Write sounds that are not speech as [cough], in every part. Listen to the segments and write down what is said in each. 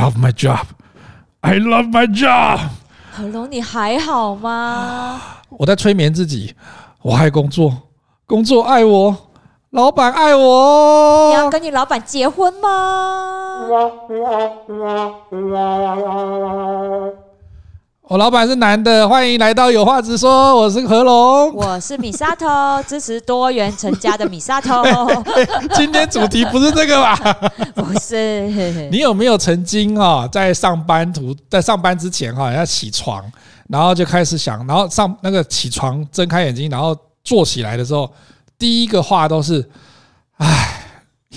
Love my job, I love my job。和龍，你還好嗎，啊？我在催眠自己，我愛工作，工作愛我，老闆愛我。你要跟你老闆結婚嗎？我老闆是男的，歡迎來到有話直說。我是何龍，我是米莎頭，支持多元成家的米莎頭嘿嘿嘿。今天主題不是這個吧？不是。嘿嘿。你有沒有曾經在上班途，在上班之前哈要起床，然後就開始想，然後上那個起床睜開眼睛，然後坐起來的時候，第一個話都是，唉，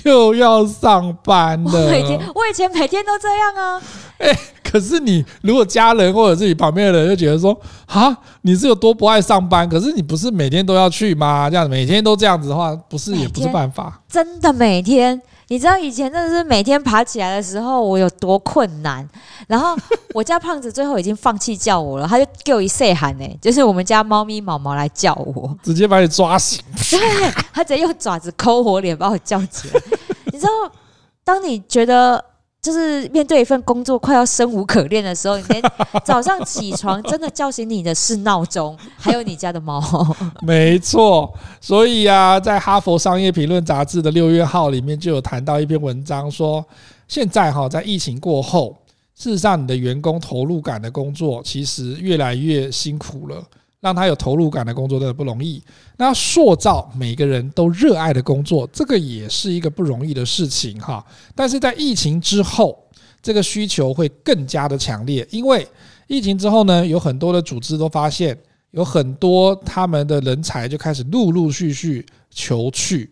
又要上班了。我，我以前每天都這樣啊。欸可是你如果家人或者是你旁邊的人就覺得說啊，你是有多不愛上班？可是你不是每天都要去嗎？這樣每天都這樣子的話，不是也每天 不是辦法。真的每天，你知道以前真的是每天爬起來的時候，我有多困難。然後我家胖子最後已經放棄叫我了，他就給我一睡喊呢，就是我們家貓咪毛,毛毛來叫我，直接把你抓醒。對,對，他直接用爪子摳我臉，把我叫起來。你知道，當你覺得。就是面對一份工作快要生無可戀的時候，你連早上起床真的叫醒你的是鬧鐘，還有你家的貓。 [laughs] 沒錯，所以啊，在哈佛商業評論雜誌的六月號裡面就有談到一篇文章，說現在哈在疫情過後，事實上你的員工投入感的工作其實越來越辛苦了。讓他有投入感的工作真的不容易，那塑造每個人都熱愛的工作，這個也是一個不容易的事情哈。但是在疫情之後，這個需求會更加的強烈，因為疫情之後呢，有很多的組織都發現，有很多他們的人才就開始陸陸續續求去。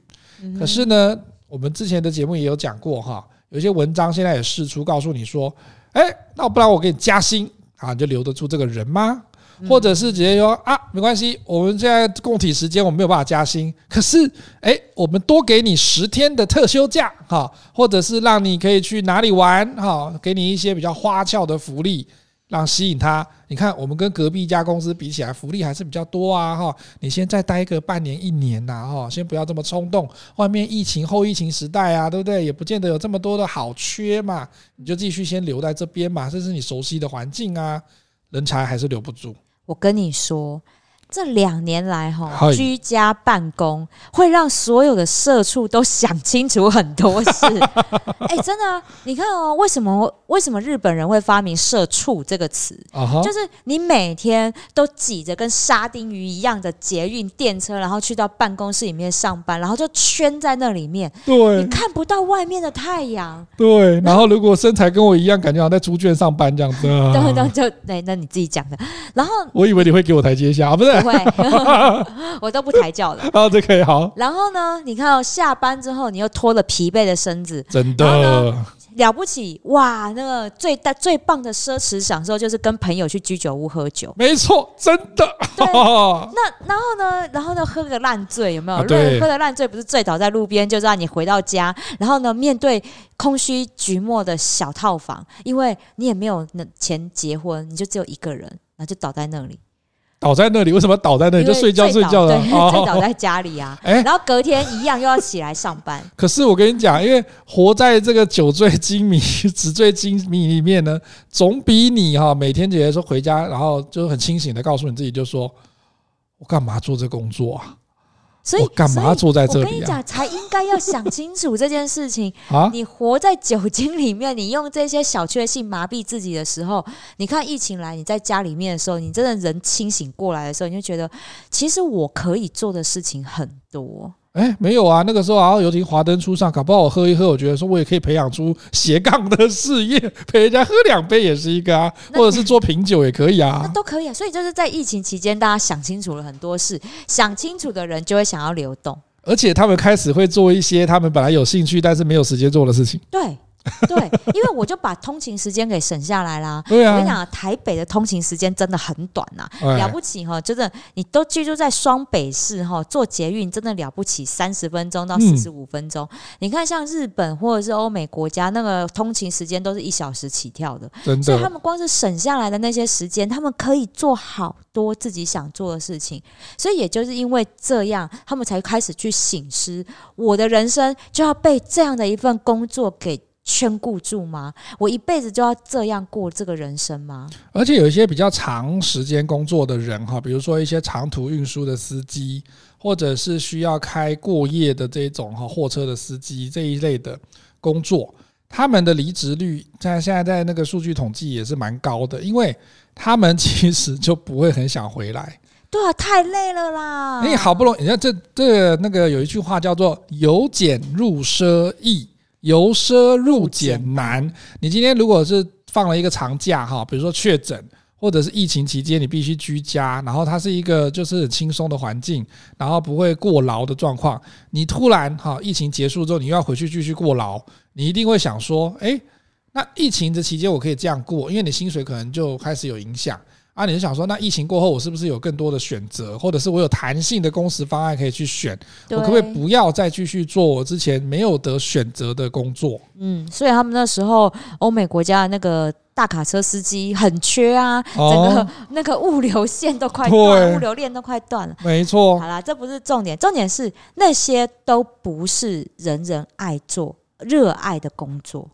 可是呢，我們之前的節目也有講過哈，有些文章現在也釋出，告訴你說，哎，那不然我給你加薪啊，你就留得住這個人嗎？或者是直接說啊，沒關係，我們現在共體時艱我們沒有辦法加薪，可是誒、欸，我們多給你十天的特休假哈，或者是讓你可以去哪裡玩哈，給你一些比較花俏的福利，讓吸引他。你看我們跟隔壁一家公司比起來，福利還是比較多啊哈。你先再待個半年一年吶哈，先不要這麼衝動。外面疫情後疫情時代啊，對不對？也不見得有這麼多的好缺嘛，你就繼續先留在這邊嘛，這是你熟悉的環境啊，人才還是留不住。我跟你說。這兩年來，哈，居家辦公會讓所有的社畜都想清楚很多事。哎、 [laughs] 欸，真的，啊，你看哦，為什麼為什麼日本人會發明“社畜”這個詞？Uh huh. 就是你每天都擠着跟沙丁魚一樣的捷運電車，然後去到辦公室裡面上班，然後就圈在那裡面，對，你看不到外面的太陽。對，後對，然後如果身材跟我一樣，感覺好像在豬圈上班這樣子。等等對，就，嗯，對，那你自己講的。然後我以為你會給我台階下，不是。不會， [laughs] 我都不抬腳了。然後呢，你看、哦、下班之後，你又拖了疲憊的身子，真的了不起哇！那個最大最棒的奢侈享受就是跟朋友去居酒屋喝酒，沒錯，真的。那然後呢，然後呢，喝個爛醉有沒有？喝的爛醉不是醉倒在路邊，就是讓你回到家，然後呢，面對空虛寂寞的小套房，因為你也沒有那錢結婚，你就只有一個人，然後就倒在那裡。倒在那裡，為什麼倒在那裡？因為 就睡覺倒睡覺的，醉倒對、哦、在家裡啊！然後隔天一樣又要起來上班，欸。 [laughs] 可是我跟你講，因為活在這個酒醉金迷、紙醉金迷裡面呢，總比你哈每天覺得說回家，然後就很清醒的告訴你自己，就說，我幹嘛做這工作啊？所以，我幹嘛坐在這裡啊？所以，我跟你講，才應該要想清楚這件事情。 [laughs] 啊、你活在酒精裡面，你用這些小確幸麻痹自己的時候，你看疫情來，你在家裡面的時候，你真的人清醒過來的時候，你就覺得，其實我可以做的事情很多。哎，欸、沒有啊，那個時候啊，然後尤其華燈初上，搞不好我喝一喝，我覺得說我也可以培養出斜槓的事業，陪人家喝兩杯也是一個啊，或者是做品酒也可以啊，那都可以啊，所以就是在疫情期間，大家想清楚了很多事，想清楚的人就會想要流動，而且他們開始會做一些他們本來有興趣但是沒有時間做的事情。對。 [laughs] 對，因為我就把通勤時間給省下來啦、啊。對啊、我跟你講啊，台北的通勤時間真的很短吶、啊，了不起哈、哦！真的，你都居住在雙北市哈、哦，坐捷運真的了不起，三十分鐘到四十五分鐘。嗯、你看，像日本或者是歐美國家，那個通勤時間都是一小時起跳的，真的，所以他們光是省下來的那些時間，他們可以做好多自己想做的事情。所以也就是因為這樣，他們才開始去省思。我的人生就要被這樣的一份工作給。圈固住嗎？我一輩子就要這樣過這個人生嗎？而且有一些比較長時間工作的人哈，比如說一些長途運輸的司機，或者是需要開過夜的這種哈貨車的司機這一類的工作，他們的離職率在現在在那個數據統計也是蠻高的，因為他們其實就不會很想回來。對啊，太累了啦！你好不容易，那這這個、那個有一句話叫做“由儉入奢易”。由奢入儉難。你今天如果是放了一個長假哈，比如說確診，或者是疫情期間你必須居家，然後它是一個就是很輕鬆的環境，然後不會過勞的狀況，你突然哈疫情結束之後，你又要回去繼續過勞，你一定會想說，哎，那疫情這期間我可以這樣過，因為你薪水可能就開始有影響。啊！你是想說，那疫情過後，我是不是有更多的選擇，或者是我有彈性的工時方案可以去選？我可不可以不要再繼續做我之前沒有得選擇的工作，嗯？嗯，所以他們那時候，歐美國家那個大卡車司機很缺啊，整個那個物流線都快斷，哦、物流鏈都快斷了。對，物流鏈都快斷了，沒錯。好啦，這不是重點，重點是那些都不是人人愛做、熱愛的工作。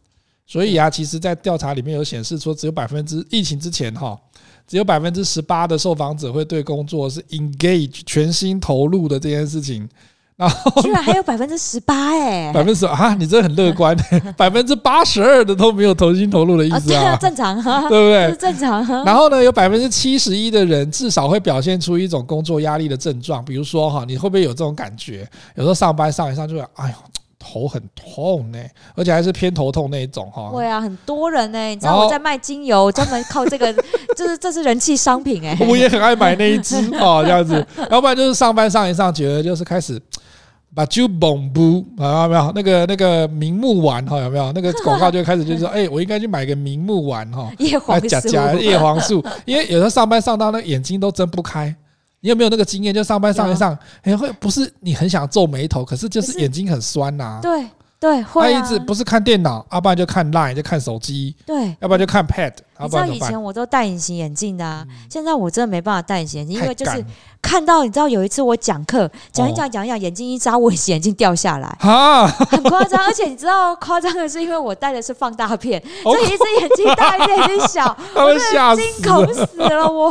所以啊，其實，在調查裡面有顯示說，只有百分之疫情之前哈。只有百分之十八的受訪者會對工作是 engage 全心投入的這件事情，然後居然還有百分之十八哎，百分之十啊，你這很樂觀，百分之八十二的都沒有全心投入的意思啊，對啊，正常，哈，對不對？正常。哈。然後呢有，有百分之七十一的人至少會表現出一種工作壓力的症狀，比如說哈，你會不會有這種感覺？有時候上班上一上就會，哎呦。頭很痛呢、欸，而且還是偏頭痛那一種哈。對啊，很多人呢、欸，你知道我在賣精油，專門後靠這個， [laughs] 就是這是人氣商品哎、欸。我也很愛買那一支啊、 [laughs] 哦，這樣子，要不然就是上班上一上，覺得就是開始把就繃不，有沒有？那個那個明目丸哈，有沒有？那個廣告就開始就是說，哎、 [laughs] 欸，我應該去買個明目丸哈，葉黃葉葉黃素， [laughs] 因為有時候上班上到那眼睛都睜不開。你有沒有那個經驗？就上班上一上，哎，會不是你很想皺眉頭，可是就是眼睛很酸吶、啊。對。對，會啊，他一直不是看電腦，要不然就看 Line，就看手機，對，要不然就看 Pad。你知道以前我都戴隱形眼鏡的，現在我真的沒辦法戴隱形眼鏡，因為就是看到，你知道有一次我講課講一講講一講，眼睛一眨，我隱形眼鏡掉下來，啊，很誇張。而且你知道誇張的是，因為我戴的是放大片，所以一隻眼睛大一點，眼睛小，我嚇死了，我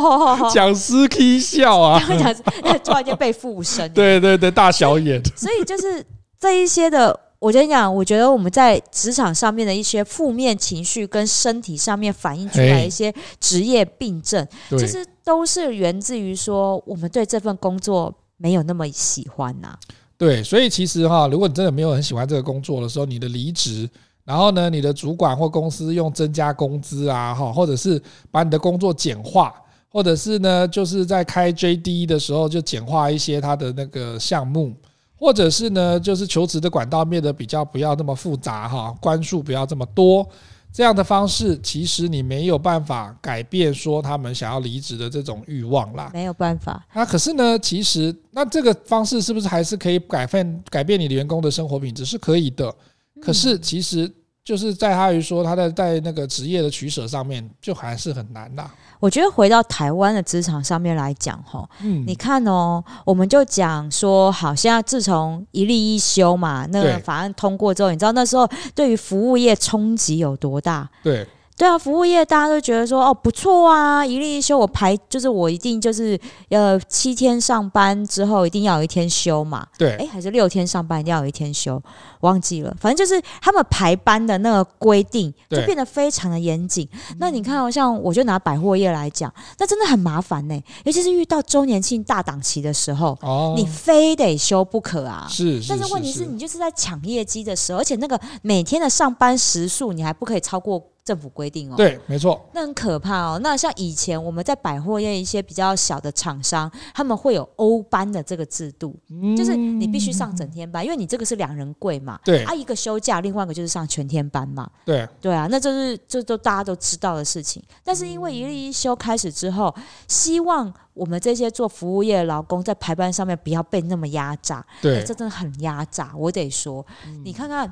講師 K 笑啊，講師突然間被附身，對對對，大小眼，所以就是這一些的。我跟你講，我覺得我們在職場上面的一些負面情緒，跟身體上面反映出來一些職業病症，其實嘿 都是源自於說我們對這份工作沒有那麼喜歡吶、啊。對，所以其實哈，如果你真的沒有很喜歡這個工作的時候，你的離職，然後呢，你的主管或公司用增加工資啊，哈，或者是把你的工作簡化，或者是呢，就是在開 JD 的時候就簡化一些它的那個項目。或者是呢，就是求職的管道變得比較不要那麼複雜哈，關數不要這麼多，這樣的方式其實你沒有辦法改變說他們想要離職的這種慾望啦，沒有辦法。啊，可是呢，其實那這個方式是不是還是可以改變改變你員工的生活品質，是可以的。可是其實就是在他於說，他在在那個職業的取捨上面就還是很難啦。我覺得回到台灣的職場上面來講，哈，你看哦、喔，我們就講說，好像自從一例一修嘛，那個法案通過之後，對 你知道那時候對於服務業衝擊有多大？對。對啊，服務業大家都覺得說，哦不錯啊，一例一休，我排就是我一定就是要，呃、七天上班之後一定要有一天休嘛。對，誒、欸，還是六天上班一定要有一天休，忘記了，反正就是他們排班的那個規定就變得非常的嚴謹。對那你看，哦，像我就拿百貨業來講，那真的很麻煩呢、欸，尤其是遇到周年慶大檔期的時候，哦，你非得休不可啊。是，是但是問題是，是是是你就是在搶業績的時候，而且那個每天的上班時數你還不可以超過。政府規定哦，對，沒錯，那很可怕哦。那像以前我們在百貨業一些比較小的廠商，他們會有歐班的這個制度，嗯、就是你必須上整天班，因為你這個是兩人櫃嘛。對。啊，一個休假，另外一個就是上全天班嘛。對。對啊，那就是這都大家都知道的事情。但是因為一例一休開始之後，嗯、希望我們這些做服務業的勞工在排班上面不要被那麼壓榨。對。這真的很壓榨，我得說，嗯、你看看。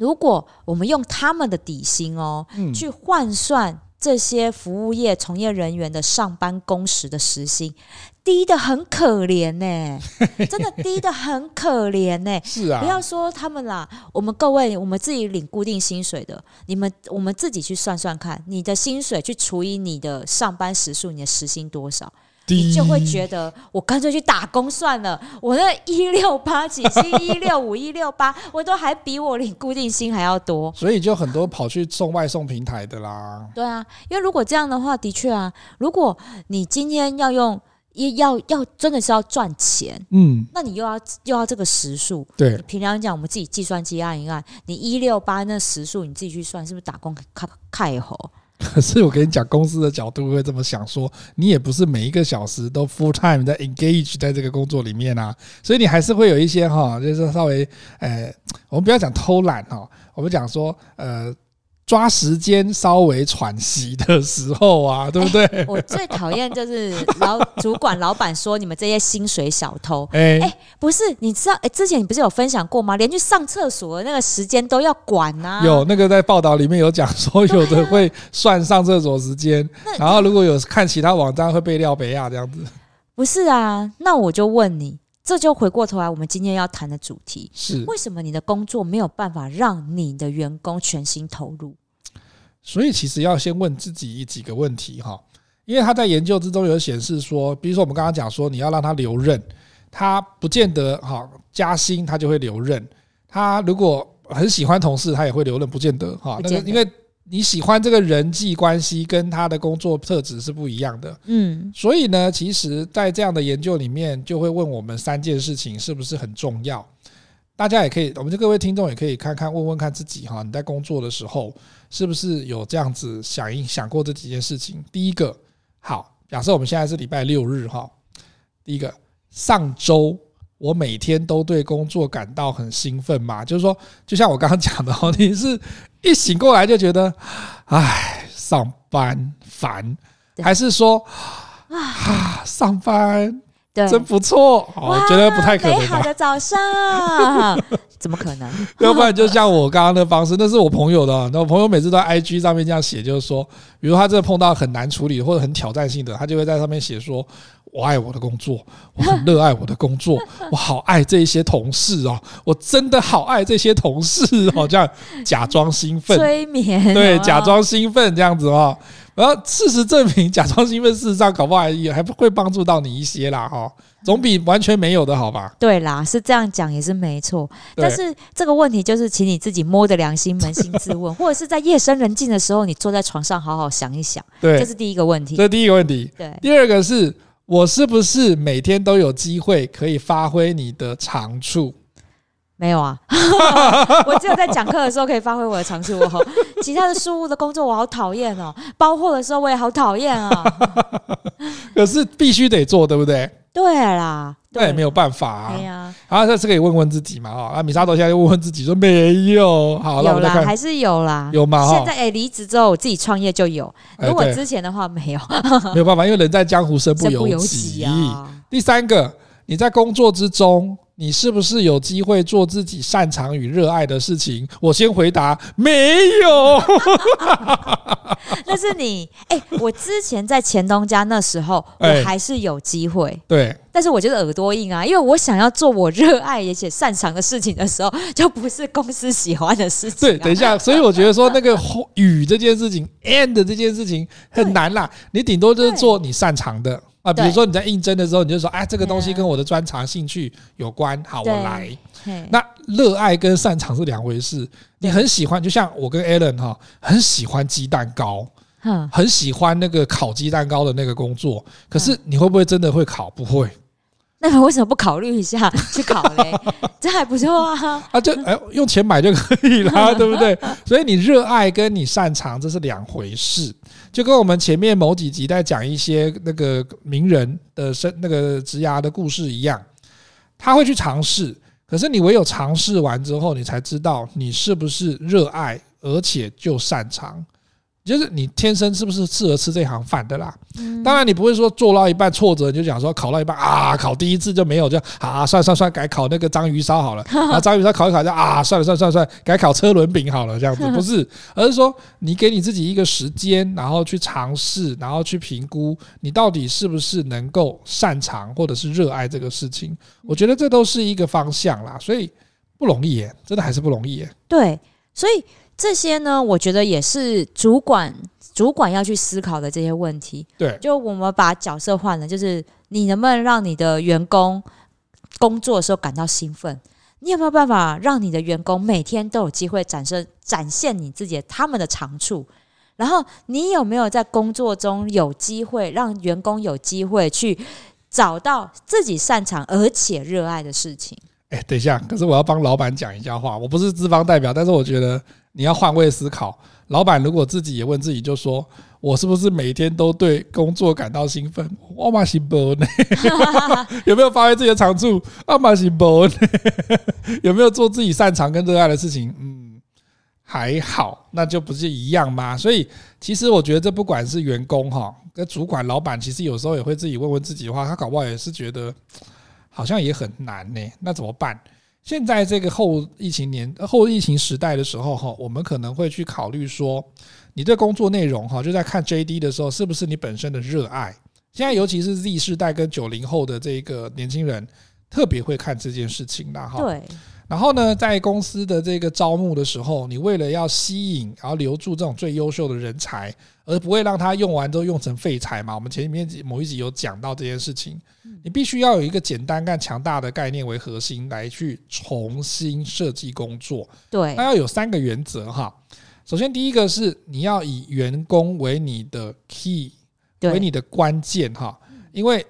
如果我們用他們的底薪哦，嗯、去換算這些服務業從業人員的上班工時的時薪，低得很可憐呢、欸， [laughs] 真的低得很可憐呢、欸。 [laughs] 是啊，不要說他們啦，我們各位我們自己領固定薪水的，你們我們自己去算算看，你的薪水去除以你的上班時數，你的時薪多少？你就會覺得，我乾脆去打工算了。我那一六八幾七，一六五，一六八，我都還比我領固定薪還要多。所以就很多跑去送外送平台的啦。對啊，因為如果這樣的話，的確啊，如果你今天要用，要要，要真的是要賺錢，嗯，那你又要又要這個時數。對，平常講我們自己計算機按一按，你一六八那時數你自己去算，是不是打工開開好？可是我跟你講，公司的角度會這麼想說，說你也不是每一個小時都 full time 在 engage 在這個工作裡面啊，所以你還是會有一些哈、哦，就是稍微呃，我們不要講偷懶哦，我們講說呃。抓時間稍微喘息的時候啊，對不對？欸、我最討厭就是老主管、老闆說，你們這些薪水小偷。哎、欸欸、不是，你知道，欸，之前你不是有分享過嗎？連去上廁所的那個時間都要管啊。有那個在報道裡面有講說，有的會算上廁所時間，啊、然後如果有看其他網站會被料北亞這樣子。不是啊，那我就問你。這就回過頭來，我們今天要談的主題是：為什麼你的工作沒有辦法讓你的員工全心投入？所以，其實要先問自己幾個問題哈。因為他在研究之中有顯示說，比如說我們剛剛講說，你要讓他留任，他不見得哈加薪他就會留任，他如果很喜歡同事，他也會留任，不見得哈。那個因為。你喜歡這個人際關係，跟他的工作特質是不一樣的。嗯，所以呢，其實在這樣的研究裡面，就會問我們三件事情是不是很重要？大家也可以，我們就各位聽眾也可以看看，問問看自己哈，你在工作的時候是不是有這樣子響應想過這幾件事情？第一個，好，假設我們現在是禮拜六日哈，第一個，上周我每天都對工作感到很興奮嘛？就是說，就像我剛剛講的哦，你是，一醒過來就覺得，唉，上班煩，對還是說啊，上班。對真不錯，我哇覺得不太可能。美好的，早上， [laughs] 怎麼可能？要不然就像我剛剛的方式，那是我朋友的。那我朋友每次都在 IG 上面這樣寫，就是說，比如他這個碰到很難處理或者很挑戰性的，他就會在上面寫說：“我愛我的工作，我很熱愛我的工作， [laughs] 我好愛這一些同事哦，我真的好愛這些同事哦。”這樣假裝興奮，催眠，對，有沒有假裝興奮這樣子哦。然後、啊、事實證明，假裝是因為事實上，搞不好也還不會幫助到你一些啦，哈、哦，總比完全沒有的好吧、嗯？對啦，是這樣講也是沒錯。對但是這個問題就是，請你自己摸着良心，捫心自問， [laughs] 或者是在夜深人靜的時候，你坐在床上好好想一想。對，這是第一個問題。嗯、這第一個問題。對，第二個是我是不是每天都有機會可以發揮你的長處？沒有啊，我只有在講課的時候可以發揮我的長處喔，我其他的事務的工作我好討厭哦，包括的時候我也好討厭啊。可是必須得做，對不對？對啦，那也沒有辦法啊。對呀，啊，這是可以問問自己嘛，啊，米莎頭現在問問自己說沒有，好了，有啦，還是有啦，有嗎？現在哎，離職之後我自己創業就有，如果之前的話沒有，沒有辦法，因為人在江湖身不由己啊。第三個，你在工作之中。你是不是有機會做自己擅長與熱愛的事情？我先回答，沒有。那 [laughs] 是你誒、欸，我之前在前東家那時候，欸、我還是有機會。對，但是我覺得耳朵硬啊，因為我想要做我熱愛而且擅長的事情的時候，就不是公司喜歡的事情、啊。對，等一下，所以我覺得說那個與這件事情 [laughs] ，and 這件事情很難啦。對你頂多就是做你擅長的。啊，比如說你在應徵的時候，你就說，哎，這個東西跟我的專長、興趣有關，好，我來。那熱愛跟擅長是兩回事。你很喜歡，就像我跟 Allen 哈，很喜歡雞蛋糕，很喜歡那個烤雞蛋糕的那個工作。可是你會不會真的會烤？不會？那為什麼不考慮一下去烤呢？這還不錯啊！啊，就哎，用錢買就可以了，對不對？所以你熱愛跟你擅長這是兩回事。就跟我們前面某幾集在講一些那個名人的生那個職涯的故事一樣，他會去嘗試，可是你唯有嘗試完之後，你才知道你是不是熱愛，而且就擅長。就是你天生是不是適合吃這行飯的啦。當然你不會說做到一半挫折，你就講說考到一半啊，考第一次就沒有就啊，算算算，改考那個章魚燒好了。然後章魚燒考一考就啊，算了算了算了，改考車輪餅好了，這樣子不是，而是說你給你自己一個時間，然後去嘗試，然後去評估你到底是不是能夠擅長或者是熱愛這個事情。我覺得這都是一個方向啦，所以不容易耶，真的還是不容易耶。對，所以。這些呢，我覺得也是主管，主管要去思考的這些問題。對，就我們把角色換了，就是你能不能讓你的員工工作的時候感到興奮？你有沒有辦法讓你的員工每天都有機會展示，展現你自己，他們的長處？然後你有沒有在工作中有機會讓員工有機會去找到自己擅長而且熱愛的事情？哎、欸，等一下！可是我要幫老板講一下話，我不是資方代表，但是我覺得你要換位思考。老板如果自己也問自己，就說：“我是不是每天都對工作感到興奮？”我嘛是不呢？有沒有發揮自己的長處？啊嘛是不呢，有沒有做自己擅長跟熱愛的事情？嗯，還好，那就不是一樣嗎？所以，其實我覺得這不管是員工哈跟主管、老板，其實有時候也會自己問問自己的話，他搞不好也是覺得。好像也很難呢，那怎麼辦？現在這個後疫情年、後疫情時代的時候，哈，我們可能會去考慮說，你的工作內容，哈，就在看 JD 的時候，是不是你本身的熱愛？現在尤其是 Z 世代跟九零後的這個年輕人，特別會看這件事情了，哈。對。然後呢，在公司的這個招募的時候，你為了要吸引，然後留住這種最優秀的人才，而不會讓他用完之後用成廢材嘛？我們前面某一集有講到這件事情，你必須要有一個簡單但強大的概念為核心來去重新設計工作。對，那要有三個原則哈。首先，第一個是你要以員工為你的 key，對為你的關鍵哈，因為。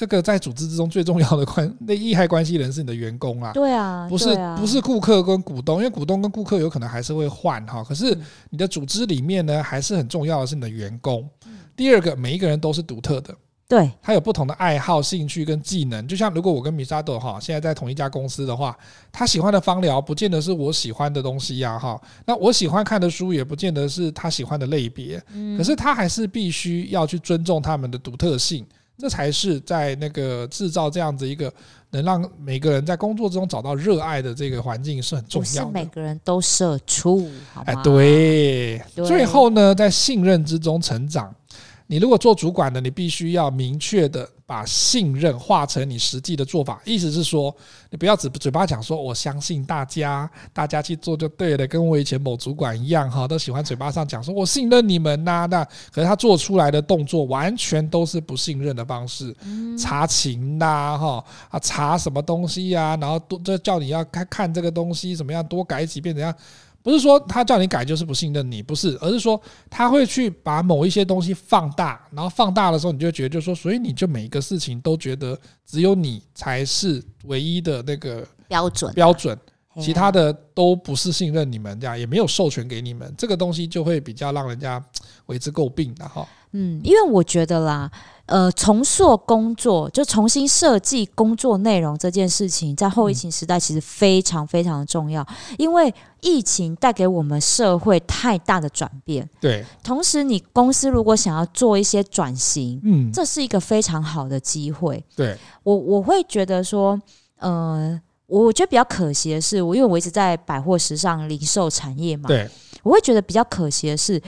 這個在組織之中最重要的關，那利害關係人是你的員工啊，對啊，不是、啊、不是顧客跟股東，因為股東跟顧客有可能還是會換哈，可是你的組織裡面呢，還是很重要的，是你的員工。嗯、第二個，每一個人都是獨特的，對，他有不同的愛好、興趣跟技能。就像如果我跟 Misato 哈，現在在同一家公司的話，他喜歡的芳療，不見得是我喜歡的東西呀、啊、哈，那我喜歡看的書，也不見得是他喜歡的類別，嗯、可是他還是必須要去尊重他們的獨特性。這才是在那個制造這樣子一個能讓每個人在工作中找到熱愛的這個環境是很重要的。不是每個人都社畜，好嗎？哎，對。對，最後呢，在信任之中成長。你如果做主管的，你必須要明確的。把信任化成你實際的做法，意思是說，你不要只嘴巴講說我相信大家，大家去做就對了。跟我以前某主管一樣哈，都喜歡嘴巴上講說我信任你們吶、啊，那可是他做出來的動作完全都是不信任的方式，查勤吶哈啊，啊查什麼東西呀，啊，然後都這叫你要看看這個東西怎麼樣，多改幾遍怎樣。不是說他叫你改就是不信任你，不是，而是說他會去把某一些東西放大，然後放大的時候你就覺得，就是說，所以你就每一個事情都覺得只有你才是唯一的那個標準，標準，其他的都不是信任你們，這樣也沒有授權給你們，這個東西就會比較讓人家為之詬病的哈。嗯，因為我覺得啦。呃，重塑工作就重新設計工作內容這件事情，在後疫情時代其實非常非常重要，因為疫情帶給我們社會太大的轉變。對，同時你公司如果想要做一些轉型，嗯，這是一個非常好的機會。對我，我會覺得說，呃，我覺得比較可惜的是，我因為我一直在百貨、時尚、零售產業嘛，對，我會覺得比較可惜的是。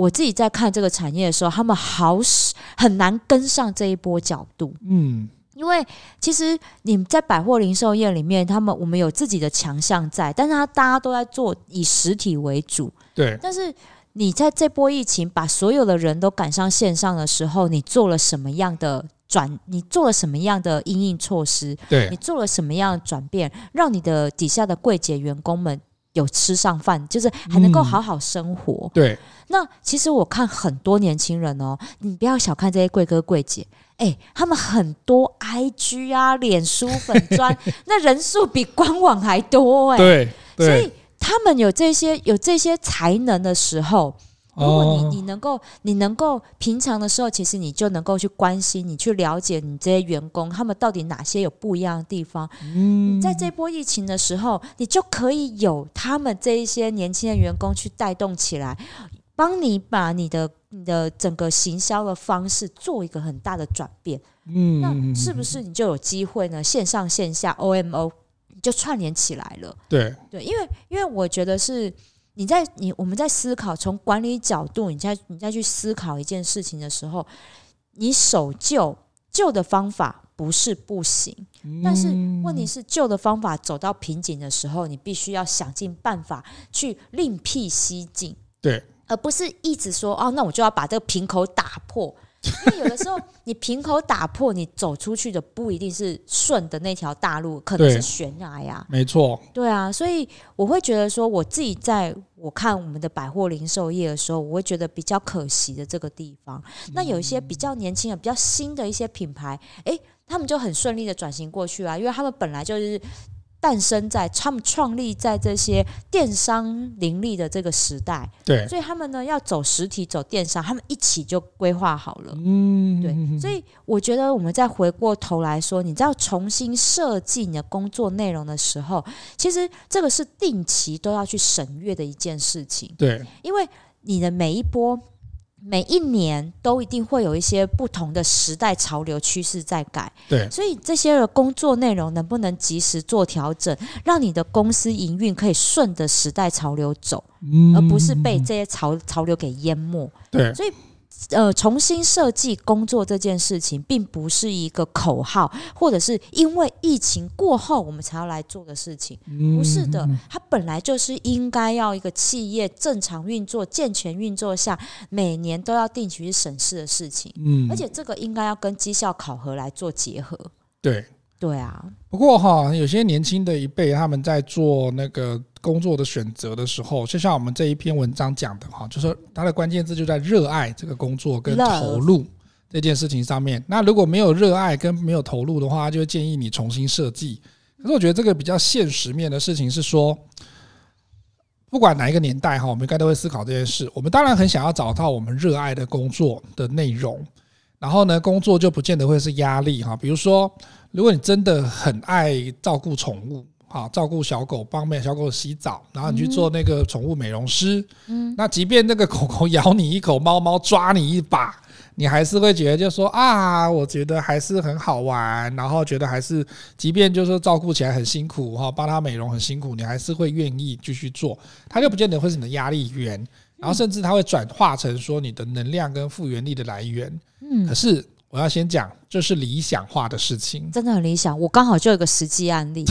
我自己在看這個產業的時候，他們好是很難跟上這一波角度。嗯，因為其實你們在百貨零售業裡面，他們我們有自己的強項在，但是他大家都在做以實體為主。對，但是你在這波疫情把所有的人都趕上線上的時候，你做了什麼樣的轉？你做了什麼樣的因應措施？對，你做了什麼樣的轉變？讓你的底下的櫃姐員工們。有吃上飯，就是還能夠好好生活。嗯、對，那其實我看很多年輕人哦，你不要小看這些貴哥貴姐，哎、欸，他們很多 I G 啊、臉書粉專， [laughs] 那人數比官網還多哎、欸。對，所以他們有這些有這些才能的時候。如果你你能夠你能夠平常的時候，其實你就能夠去關心、你去了解你這些員工，他們到底哪些有不一樣的地方。嗯，在這波疫情的時候，你就可以有他們這一些年輕的員工去帶動起來，幫你把你的你的整個行銷的方式做一個很大的轉變。嗯，那是不是你就有機會呢？線上線下 OMO 就串聯起來了。對對，因為因為我覺得是。你在你，我們在思考從管理角度，你再你再去思考一件事情的時候，你守舊舊的方法不是不行，但是問題是舊的方法走到瓶頸的時候，你必須要想盡辦法去另闢蹊徑，對，而不是一直說哦，那我就要把這個瓶口打破。 [laughs] 因為有的時候，你瓶口打破，你走出去的不一定是順的那條大路，可能是懸崖呀。沒錯，對啊，所以我會覺得說，我自己在我看我們的百貨零售業的時候，我會覺得比較可惜的這個地方。那有一些比較年輕的、比較新的一些品牌，哎，他們就很順利的轉型過去啊，因為他們本來就是。誕生在他們創立在這些電商林立的這個時代，對，所以他們呢，要走實體、走電商，他們一起就規劃好了，嗯，對，所以我覺得我們再回過頭來說，你要重新設計你的工作內容的時候，其實這個是定期都要去審閱的一件事情，對，因為你的每一波。每一年都一定會有一些不同的時代潮流趨勢在改，對，所以這些的工作內容能不能及時做調整，讓你的公司營運可以順着時代潮流走，而不是被這些潮潮流給淹沒。對，所以。呃，重新設計工作這件事情，並不是一個口號，或者是因為疫情過後我們才要來做的事情，嗯、不是的。它本來就是應該要一個企業正常運作、健全運作下，每年都要定期去審視的事情。嗯、而且這個應該要跟績效考核來做結合。對，對啊。不過哈、哦，有些年輕的一輩，他們在做那個。工作的選擇的時候，就像我們這一篇文章講的哈，就是它的關鍵字就在熱愛這個工作跟投入這件事情上面。那如果沒有熱愛跟沒有投入的話，就會建議你重新設計。可是我覺得這個比較現實面的事情是說，不管哪一個年代哈，我們應該都會思考這件事。我們當然很想要找到我們熱愛的工作的內容，然後呢，工作就不見得會是壓力哈。比如說，如果你真的很愛照顧寵物，好，照顧小狗，幫每小狗洗澡，然後你去做那個寵物美容師。嗯，嗯，嗯，那即便那個狗狗咬你一口，貓貓抓你一把，你還是會覺得就說啊，我覺得還是很好玩，然後覺得還是，即便就是照顧起來很辛苦哈，幫它美容很辛苦，你還是會願意繼續做。它就不見得會是你的壓力源，然後甚至它會轉化成說你的能量跟復原力的來源。嗯，嗯，可是。我要先講，這是理想化的事情，真的很理想。我剛好就有個實際案例，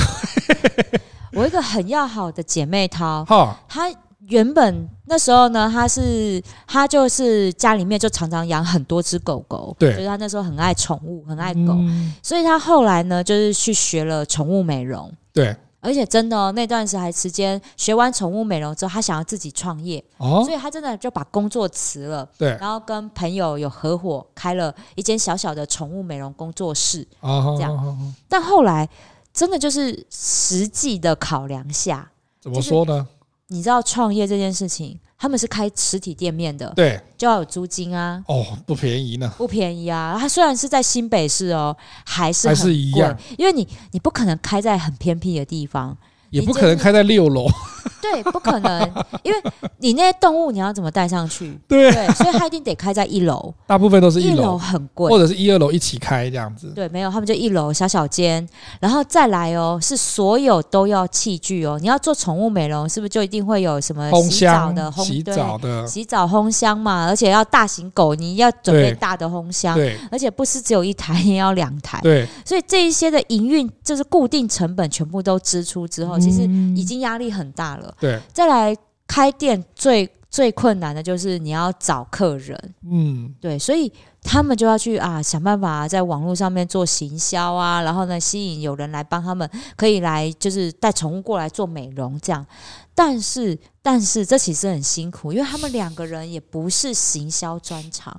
[laughs] 我一個很要好的姐妹淘她， [laughs] 她原本那時候呢，她是她就是家裡面就常常養很多只狗狗，對，所以她那時候很愛寵物，很愛狗，嗯，所以她後來呢，就是去學了寵物美容，對。而且真的，那段時還時間學完寵物美容之後，他想要自己創業，哦、所以他真的就把工作辭了。對然後跟朋友有合夥開了一間小小的寵物美容工作室，哦、這樣。哦哦、但後來真的就是實際的考量下，怎麼說呢？就是你知道創業這件事情。他們是開實體店面的，對，就要有租金啊。哦，不便宜呢。不便宜啊！他雖然是在新北市哦，還是還是一樣，因為你你不可能開在很偏僻的地方，也不可能開在六樓。對，不可能，因為你那些動物你要怎麼帶上去？對，所以他一定得開在一樓。大部分都是一樓，一樓很貴，或者是一二樓一起開這樣子。對，沒有，他們就一樓小小間，然後再來哦，是所有都要器具哦。你要做寵物美容，是不是就一定會有什麼洗澡的、洗澡的、洗澡烘箱嘛？而且要大型狗，你要準備大的烘箱，而且不是只有一台，也要兩台。對，所以這一些的營運就是固定成本全部都支出之後，嗯，其實已經壓力很大了。對，再來開店最最困難的就是你要找客人，嗯，對，所以他們就要去啊，想辦法在網絡上面做行銷啊，然後呢，吸引有人來幫他們，可以來就是帶寵物過來做美容這樣。但是，但是這其實很辛苦，因為他們兩個人也不是行銷專長。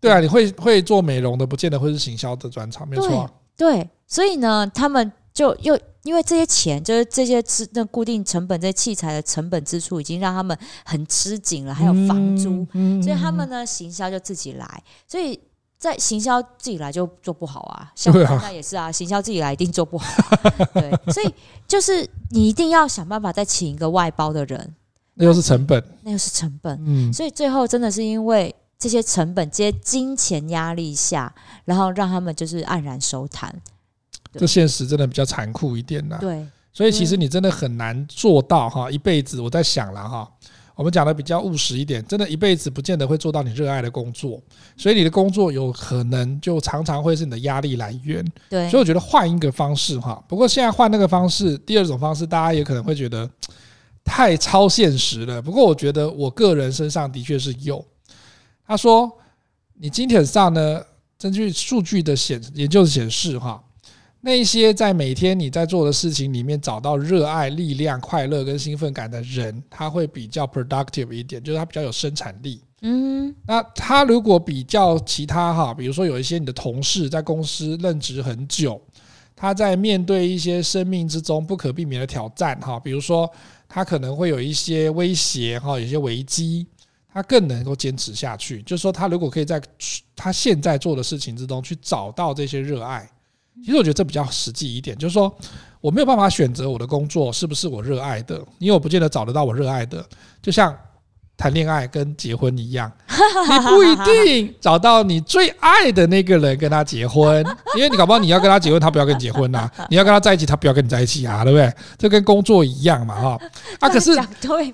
對，對啊，你會會做美容的，不見得會是行銷的專長。沒錯啊。對，所以呢，他們。就又因為這些錢，就是這些是那固定成本、這些器材的成本支出已經讓他們很吃緊了，還有房租，嗯嗯、所以他們呢行銷就自己來，所以在行銷自己來就做不好啊。現在也是啊，啊行銷自己來一定做不好。 [laughs] 對，所以就是你一定要想辦法再請一個外包的人，那又是成本，那又是成本。嗯、所以最後真的是因為這些成本、這些金錢壓力下，然後讓他們就是黯然收攤。這現實真的比較殘酷一點吶，對，所以其實你真的很難做到哈，一輩子我在想了哈，我們講的比較務實一點，真的一輩子不見得會做到你熱愛的工作，所以你的工作有可能就常常會是你的壓力來源，對，所以我覺得換一個方式哈，不過現在換那個方式，第二種方式大家也可能會覺得太超現實了，不過我覺得我個人身上的確是有，他說，你今天上呢，根據數據的顯研究顯示哈。那些在每天你在做的事情裡面找到熱愛、力量、快樂跟興奮感的人，他會比較 productive 一點，就是他比較有生產力。嗯哼，那他如果比較其他哈，比如說有一些你的同事在公司任職很久，他在面對一些生命之中不可避免的挑戰哈，比如說他可能會有一些威脅哈，有些危機，他更能夠堅持下去。就是說，他如果可以在他現在做的事情之中去找到這些熱愛。其實我覺得這比較實際一點，就是說我沒有辦法選擇我的工作是不是我熱愛的，因為我不見得找得到我熱愛的，就像談戀愛跟結婚一樣，你不一定找到你最愛的那個人跟他結婚，因為你搞不好你要跟他結婚，他不要跟你結婚吶、啊，你要跟他在一起，他不要跟你在一起啊，對不對？就跟工作一樣嘛，哈啊，可是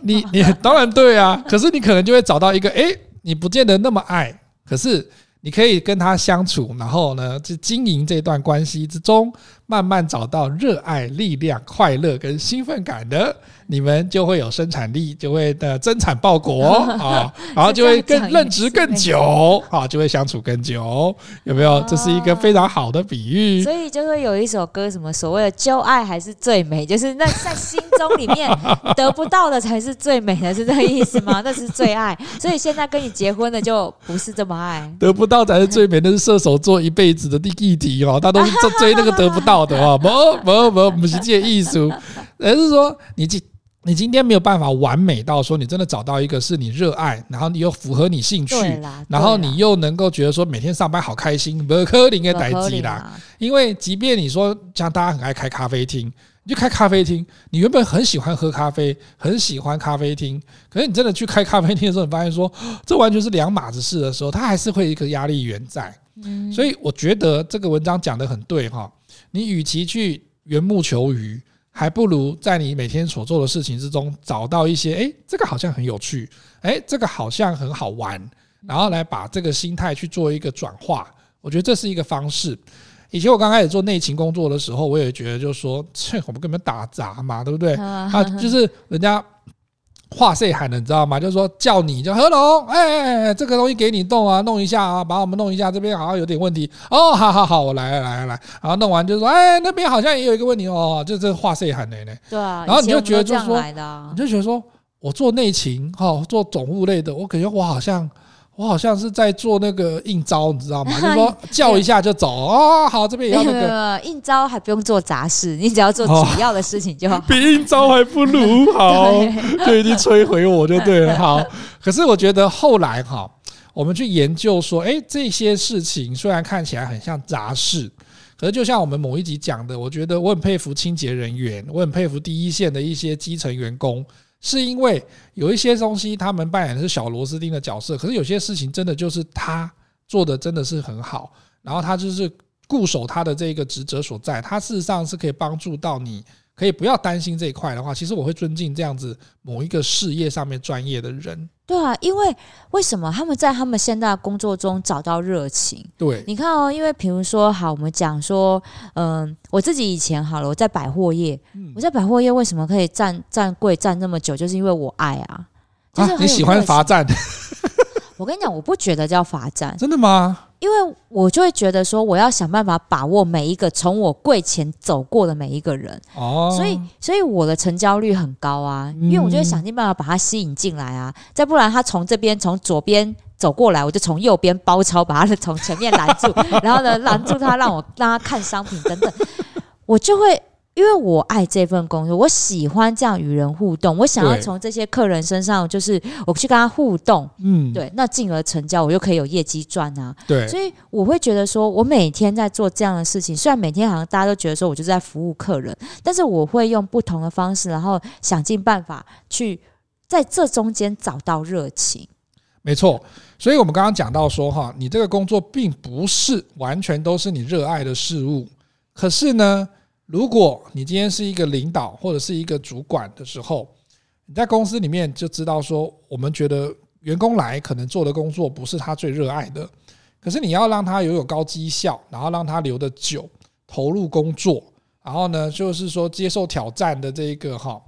你你當然對啊，可是你可能就會找到一個，哎，你不見得那麼愛，可是。你可以跟他相處，然後呢，去經營這段關係之中。慢慢找到熱愛、力量、快樂跟興奮感的，你們就會有生產力，就會的增產報國啊，然後就會更任職更久啊，就會相處更久，有沒有？這是一個非常好的比喻。所以就會有一首歌，什麼所謂的“舊愛還是最美”，就是那在心中裡面得不到的才是最美的，是這個意思嗎？那是最愛。所以現在跟你結婚的就不是這麼愛，得不到才是最美，那是射手座一輩子的議題哦。他都是在追那個得不到。好的吧，不不不，不是這個意思，而是說你今你今天沒有辦法完美到說你真的找到一個是你熱愛，然後你又符合你興趣，然後你又能夠覺得說每天上班好開心，不苛靈也該自己啦。因為即便你說像大家很愛開咖啡廳，你就開咖啡廳，你原本很喜歡喝咖啡，很喜歡咖啡廳，可是你真的去開咖啡廳的時候，你發現說這完全是兩碼子事的時候，它還是會有一個壓力源在。所以我覺得這個文章講得很對哈。你與其去緣木求魚，還不如在你每天所做的事情之中找到一些，誒、欸，這個好像很有趣，誒、欸，這個好像很好玩，然後來把這個心態去做一個轉化，我覺得這是一個方式。以前我剛開始做內勤工作的時候，我也覺得就是說，這我們根本打雜嘛，對不對？呵呵啊，就是人家。話費喊的，你知道嗎？就是說叫你叫和龍，哎哎哎，這個東西給你動啊，弄一下啊，把我們弄一下，這邊好像有點問題哦，好好好，我來來來來，然後弄完就說，哎、欸，那邊好像也有一個問題哦，就這話費喊的、欸。嘞。對啊，然後你就覺得就是說，啊、你就覺得說我做內勤哈，做總務類的，我感覺我好像。我好像是在做那個應召，你知道嗎？就是說叫一下就走啊、哦，好，這邊也要那個應召，還不用做雜事，你只要做主要的事情就好，比應召還不如好，就一定摧毀我就對了。好，可是我覺得後來哈，我們去研究說，誒，這些事情雖然看起來很像雜事，可是就像我們某一集講的，我覺得我很佩服清潔人員，我很佩服第一線的一些基層員工。是因為有一些東西，他們扮演的是小螺絲釘的角色，可是有些事情，真的就是他做的真的是很好，然後他就是固守他的這個職責所在，他事實上是可以幫助到你。可以不要擔心這一塊的話，其實我會尊敬這樣子某一個事業上面專業的人。對啊，因為為什麼他們在他們現在的工作中找到熱情？對，你看哦，因為比如說，好，我們講說，嗯、呃，我自己以前好了，我在百貨業，嗯、我在百貨業為什麼可以站站櫃站那麼久，就是因為我愛啊，就是很、啊、你喜歡罰站？我跟你講，我不覺得叫罰站，真的嗎？因為我就會覺得說，我要想辦法把握每一個從我櫃前走過的每一個人哦，所以所以我的成交率很高啊，因為我就會想盡辦法把他吸引進來啊，再不然他從這邊從左邊走過來，我就從右邊包抄，把他從前面攔住，然後呢攔住他，讓我讓他看商品等等，我就會。因為我愛這份工作，我喜歡這樣與人互動，我想要從這些客人身上，就是我去跟他互動，嗯對，對，那進而成交，我就可以有業績賺啊。對，所以我會覺得說，我每天在做這樣的事情，雖然每天好像大家都覺得說，我就是在服務客人，但是我會用不同的方式，然後想盡辦法去在這中間找到熱情。沒錯，所以我們剛剛講到說，哈，你這個工作並不是完全都是你熱愛的事物，可是呢。如果你今天是一個領導或者是一個主管的時候，你在公司裡面就知道說，我們覺得員工來可能做的工作不是他最熱愛的，可是你要讓他擁有，有高績效，然後讓他留得久，投入工作，然後呢，就是說接受挑戰的這一個哈，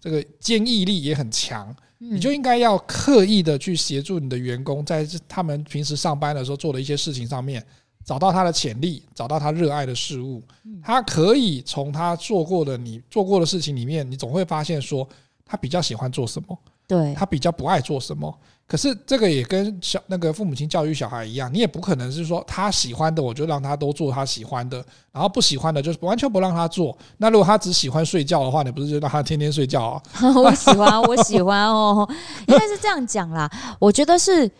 這個堅毅力也很強，你就應該要刻意的去協助你的員工，在他們平時上班的時候做的一些事情上面。找到他的潛力，找到他熱愛的事物，他可以從他做過的你做過的事情裡面，你總會發現說他比較喜歡做什麼，對，他比較不愛做什麼。可是這個也跟小那個父母親教育小孩一樣，你也不可能是說他喜歡的我就讓他都做他喜歡的，然後不喜歡的就是完全不讓他做。那如果他只喜歡睡覺的話，你不是就讓他天天睡覺啊、哦？ [laughs] 我喜歡，我喜歡哦，應該是這樣講啦。我覺得是。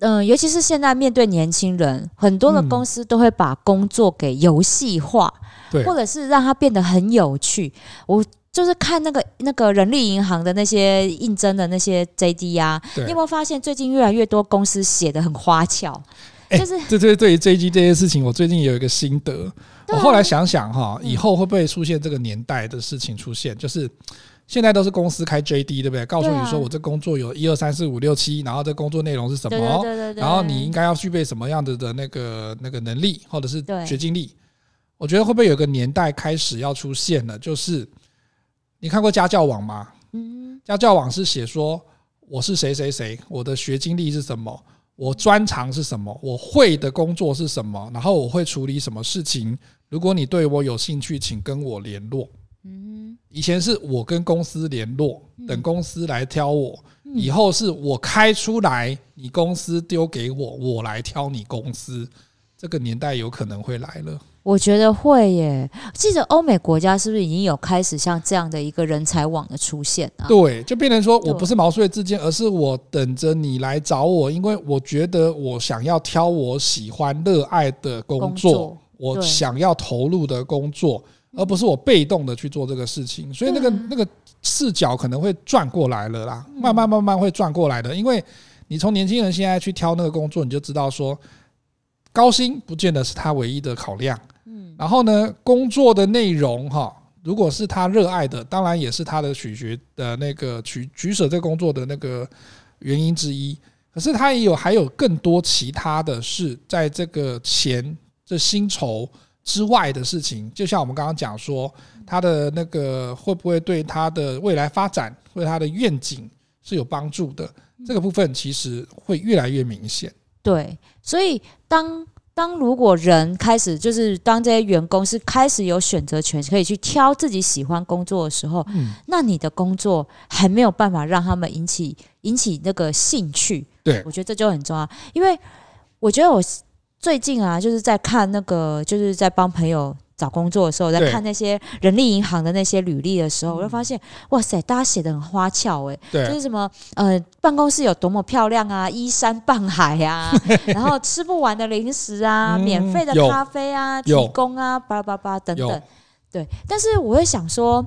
嗯、呃，尤其是現在面對年輕人，很多的公司都會把工作給遊戲化，嗯、對，或者是讓它變得很有趣。我就是看那個那個人力銀行的那些應徵的那些 JD 啊對，你有沒有發現最近越來越多公司寫得很花俏？欸，就是對對對於 JD 這件事情，我最近也有一個心得，啊、我後來想想哈，嗯、以後會不會出現這個年代的事情出現？就是。現在都是公司開 JD，對不對？告訴你說我這工作有一二三四五六七，對啊，有 1, 2, 3, 4, 5, 6, 7, 然後這工作內容是什麼？對對對。然後你應該要具備什麼樣子的那個那個能力，或者是學經歷？對我覺得會不會有個年代開始要出現了？就是你看過家教網嗎？嗯。家教網是寫說我是誰誰誰，我的學經歷是什麼，我專長是什麼，我會的工作是什麼，然後我會處理什麼事情。如果你對我有興趣，請跟我聯絡。嗯，以前是我跟公司聯絡，嗯、等公司來挑我。嗯、以後是我開出來，你公司丟給我，我來挑你公司。這個年代有可能會來了，我覺得會耶。記得歐美國家是不是已經有開始像這樣的一個人才網的出現啊？對，就變成說我不是毛遂自薦，而是我等着你來找我，因為我覺得我想要挑我喜歡、熱愛的工作，工作，我想要投入的工作。而不是我被動的去做這個事情，所以那個對、啊、那個視角可能會轉過來了啦，慢慢慢慢會轉過來的。因為你從年輕人現在去挑那個工作，你就知道說，高薪不見得是他唯一的考量。嗯，然後呢，工作的內容哈、哦，如果是他熱愛的，當然也是他的取決的那個取取舍這工作的那個原因之一。可是他也有還有更多其他的是在這個錢這薪酬。之外的事情，就像我們剛剛講說，他的那個會不會對他的未來發展，或者他的願景是有幫助的。這個部分其實會越來越明顯。嗯、對，所以當當如果人開始就是當這些員工是開始有選擇權，可以去挑自己喜歡工作的時候，那你的工作還沒有辦法讓他們引起引起那個興趣。對，我覺得這就很重要，因為我覺得我最近啊，就是在看那個，就是在幫朋友找工作的時候，在看那些人力銀行的那些履歷的時候，我會發現，哇塞，大家寫的很花俏哎，對就是什麼呃，辦公室有多麼漂亮啊、，依山傍海啊， [laughs] 然後吃不完的零食啊，免費的咖啡啊，嗯、提供啊，巴拉巴拉等等，有對。但是我會想說，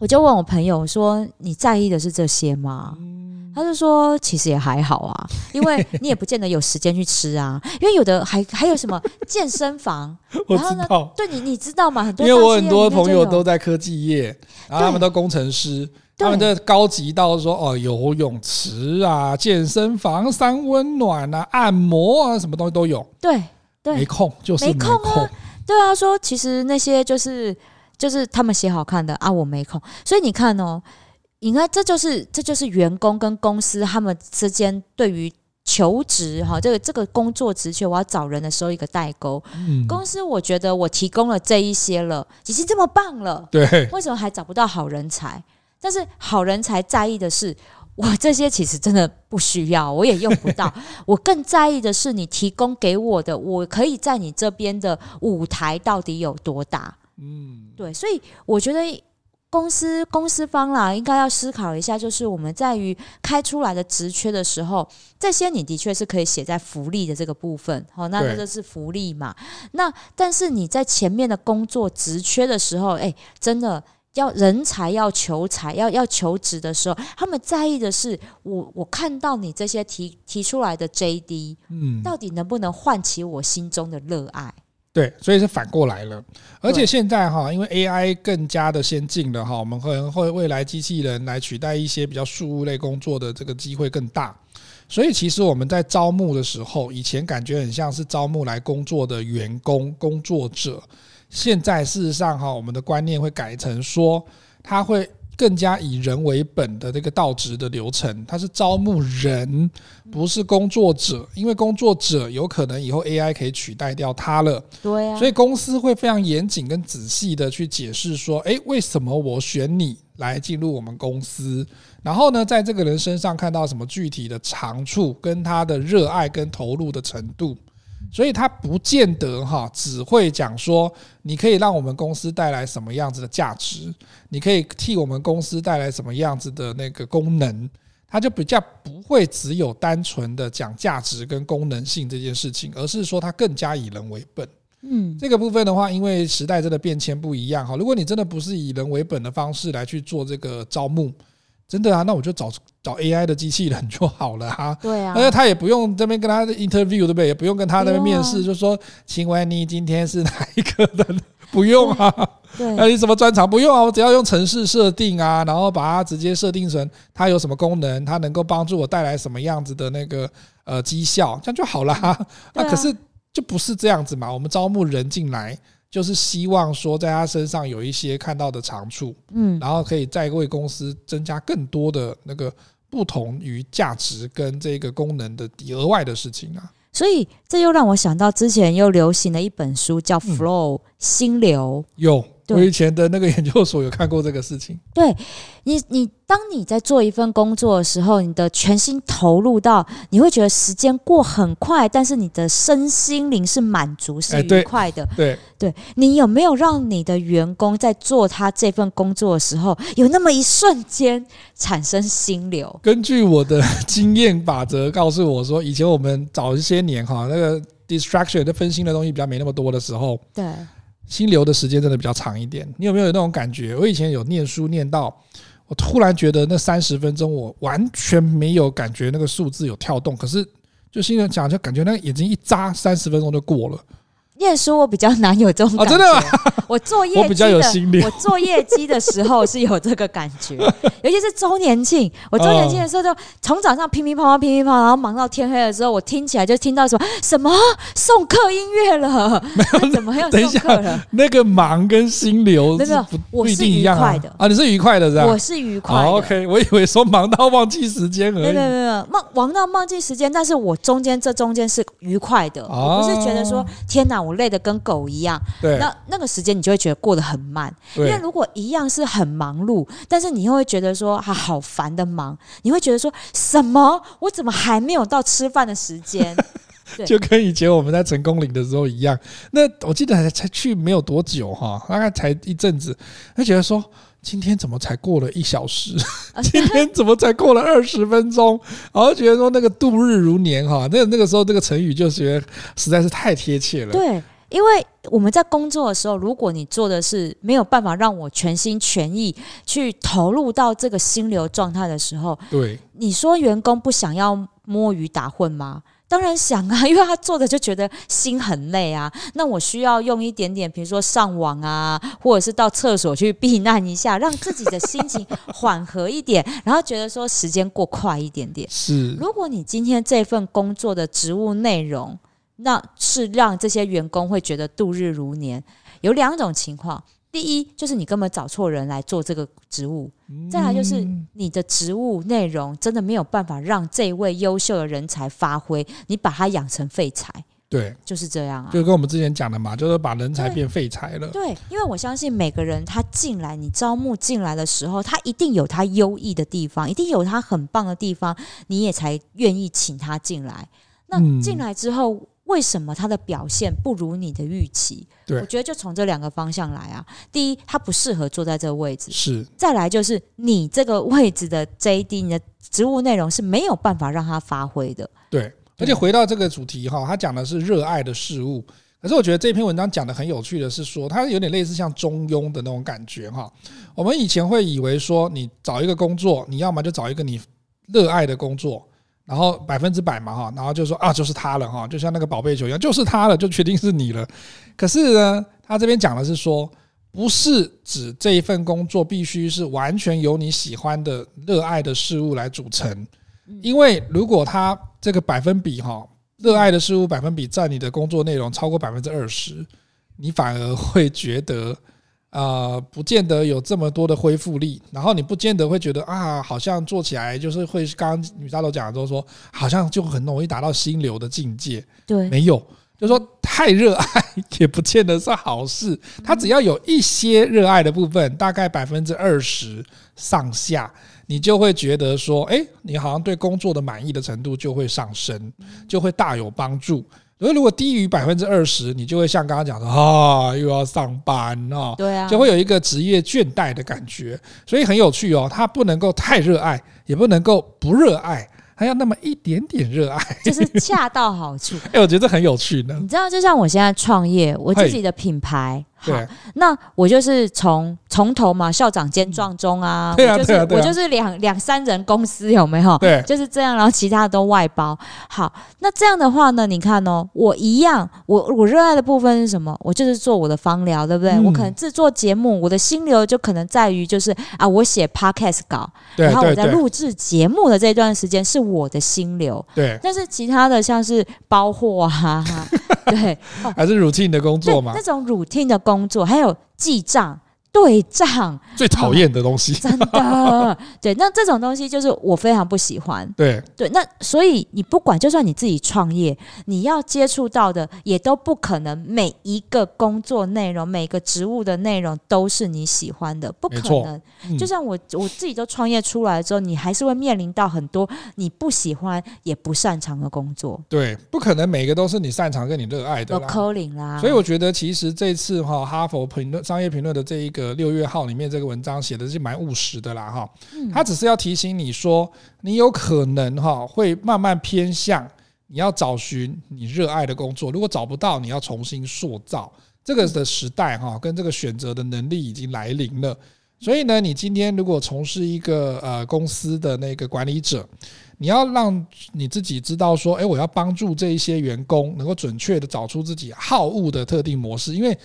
我就問我朋友說，你在意的是這些嗎？嗯他就說：“其實也還好啊，因為你也不見得有時間去吃啊。因為有的還還有什麼健身房， [laughs] 我知道。然後呢，對你你知道嗎？因為我很多朋友都在科技業，然後他們的工程師，對他們的高級到說哦，游泳池啊、健身房、三溫暖啊、按摩啊，什麼東西都有。對，對，沒空，就是沒空，沒空啊。對啊，說其實那些就是就是他們寫好看的啊，我沒空。所以你看哦。”應該這就是這就是員工跟公司他們之間對於求職哈，這個這個工作職缺，我要找人的時候一個代溝。嗯，公司我覺得我提供了這一些了，已經這麼棒了，對，為什麼還找不到好人才？但是好人才在意的是，我這些其實真的不需要，我也用不到。我更在意的是你提供給我的，我可以在你這邊的舞台到底有多大？嗯，對，所以我覺得。公司公司方啦，應該要思考一下，就是我們在於開出來的職缺的時候，這些你的確是可以寫在福利的這個部分，好對，那這個是福利嘛？那但是你在前面的工作職缺的時候，哎、欸，真的要人才要求才要要求職的時候，他們在意的是我我看到你這些提提出來的 JD，嗯，到底能不能喚起我心中的熱愛？對，所以是反過來了。而且現在哈，因為 AI 更加的先進了哈，我們可能會未來機器人來取代一些比較事務類工作的這個機會更大。所以其實我們在招募的時候，以前感覺很像是招募來工作的員工工作者，現在事實上哈，我們的觀念會改成說，他會。更加以人為本的那個到職的流程，它是招募人，不是工作者，因為工作者有可能以後 AI 可以取代掉他了。對啊，所以公司會非常嚴謹跟仔細的去解釋說，誒，為什麼我選你來進入我們公司？然後呢，在這個人身上看到什麼具體的長處，跟他的熱愛跟投入的程度。所以他不見得哈，只會講說，你可以讓我們公司帶來什麼樣子的價值，你可以替我們公司帶來什麼樣子的那個功能，他就比較不會只有單純的講價值跟功能性這件事情，而是說他更加以人為本。嗯，這個部分的話，因為時代真的變遷不一樣哈，如果你真的不是以人為本的方式來去做這個招募。真的啊，那我就找找 AI 的機器人就好了啊。對啊，而且他也不用這邊跟他 interview，對不對？也不用跟他那邊面試，啊、就說請問你今天是哪一個人？不用啊。那、啊、你什麼專長？不用啊，我只要用程式設定啊，然後把它直接設定成它有什麼功能，它能夠幫助我帶來什麼樣子的那個呃績效，這樣就好了、啊。那、嗯啊啊、可是就不是這樣子嘛，我們招募人進來。就是希望說，在他身上有一些看到的長處，嗯，然後可以再為公司增加更多的那個不同於價值跟這個功能的額外的事情啊。所以，這又讓我想到之前又流行的一本書，叫《Flow》。嗯心流有，我以前的那個研究所有看過這個事情對。對你，你當你在做一份工作的時候，你的全心投入到，你會覺得時間過很快，但是你的身心靈是滿足，是愉快的。欸、對，對，對你有沒有讓你的員工在做他這份工作的時候，有那麼一瞬間產生心流？根據我的經驗法則，告訴我說，以前我們早一些年哈，那個 distraction，那分心的東西比較沒那麼多的時候，對。心流的時間真的比較長一點，你有沒有有那種感覺？我以前有念書念到，我突然覺得那三十分鐘我完全沒有感覺那個數字有跳動，可是就心裡講，就感覺那個眼睛一眨，三十分鐘就過了。念書我比較難有這種感覺，我做業績的，我做業績的時候是有這個感覺，尤其是周年慶，我周年慶的時候就從早上乒乒乓乓乒乒乓，然後忙到天黑的時候，我聽起來就聽到什麼什麼送客音樂了，怎麼還有，等一下，那個忙跟心流是不不一定一樣的啊，啊，你是愉快的是吧？我是愉快，OK，我以為說忙到忘記時間了，沒有沒有忙忙到忘記時間，但是我中間這中間是愉快的，我不是覺得說天哪我。累得跟狗一樣，對那那個時間你就會覺得過得很慢。對因為如果一樣是很忙碌，但是你又會覺得說，啊，好煩的忙，你會覺得說什麼？我怎麼還沒有到吃飯的時間？ [laughs] 對就跟以前我們在成功嶺的時候一樣。那我記得才去沒有多久哈，大概才一陣子，他覺得說。今天怎麼才過了一小時？今天怎麼才過了二十分鐘？然後覺得說那個度日如年哈，那那個時候這個成語就覺得實在是太貼切了。對，因為我們在工作的時候，如果你做的是沒有辦法讓我全心全意去投入到這個心流狀態的時候，對，你說員工不想要摸魚打混嗎？當然想啊，因為他做的就覺得心很累啊。那我需要用一點點，比如說上網啊，或者是到廁所去避難一下，讓自己的心情緩和一點， [laughs] 然後覺得說時間過快一點點。是，如果你今天這份工作的職務內容，那是讓這些員工會覺得度日如年，有兩種情況。第一就是你根本找錯人來做這個職務，再來就是你的職務內容真的沒有辦法讓這位優秀的人才發揮，你把他養成廢材。對，就是這樣啊，就跟我們之前講的嘛，就是把人才變廢材了。對。對，因為我相信每個人他進來，你招募進來的時候，他一定有他優異的地方，一定有他很棒的地方，你也才願意請他進來。那進來之後。嗯為什麼他的表現不如你的預期？對我覺得就從這兩個方向來啊。第一，他不適合坐在這個位置；是再來就是你這個位置的 JD，你的職務內容是沒有辦法讓他發揮的。對，而且回到這個主題哈，他講、嗯、的是熱愛的事物。可是我覺得這篇文章講的很有趣的是說，他有點類似像中庸的那種感覺哈。我們以前會以為說，你找一個工作，你要麼就找一個你熱愛的工作。然後百分之百嘛哈，然後就說啊，就是他了哈，就像那個寶貝球一樣，就是他了，就確定是你了。可是呢，他這邊講的是說，不是指這一份工作必須是完全由你喜歡的、熱愛的事物來組成，因為如果他這個百分比哈，熱愛的事物百分比佔你的工作內容超過百分之二十，你反而會覺得。呃，不見得有這麼多的恢復力，然後你不見得會覺得啊，好像做起來就是會，剛剛女大頭講的都說，好像就很容易達到心流的境界。對，沒有，就說太熱愛也不見得是好事。他只要有一些熱愛的部分，嗯、大概百分之二十上下，你就會覺得說，哎，你好像對工作的滿意的程度就會上升，就會大有幫助。所以如果低於百分之二十，你就會像剛剛講的啊、哦，又要上班啊，哦、對啊，就會有一個職業倦怠的感覺。所以很有趣哦，它不能夠太熱愛，也不能夠不熱愛，還要那麼一點點熱愛，就是恰到好處。哎、 [laughs] 欸，我覺得這很有趣呢。你知道，就像我現在創業，我自己的品牌。好對、啊，那我就是從從頭嘛，校長兼撞鐘啊，我就是我就是兩兩三人公司有沒有？對，就是這樣，然後其他的都外包。好，那這樣的話呢，你看哦，我一樣，我我熱愛的部分是什麼？我就是做我的芳療，對不對？嗯、我可能制作節目，我的心流就可能在於就是啊，我寫 podcast 稿，對對對對，然後我在錄製節目的這段時間是我的心流。對，對，但是其他的像是包貨啊， [laughs] 對，還是 routine 的工作嘛，那種 routine 的工。工作還有記賬。對賬最討厭的東西，嗯、真的對。那這種東西就是我非常不喜歡。對對，那所以你不管，就算你自己創業，你要接觸到的也都不可能每一個工作內容、每個職務的內容都是你喜歡的，不可能。嗯、就像我我自己都創業出來之後，你還是會面臨到很多你不喜歡也不擅長的工作。對，不可能每個都是你擅長跟你熱愛的。我 calling 啦，啦所以我覺得其實這次哈哈佛評論商業評論的這一個。呃，六月號裡面這個文章寫的是蠻務實的啦，哈，他只是要提醒你說，你有可能哈會慢慢偏向你要找尋你熱愛的工作，如果找不到，你要重新塑造這個的時代哈，跟這個選擇的能力已經來臨了。所以呢，你今天如果從事一個呃公司的那個管理者，你要讓你自己知道說，誒，我要幫助這一些員工能夠準確的找出自己好惡的特定模式，因為。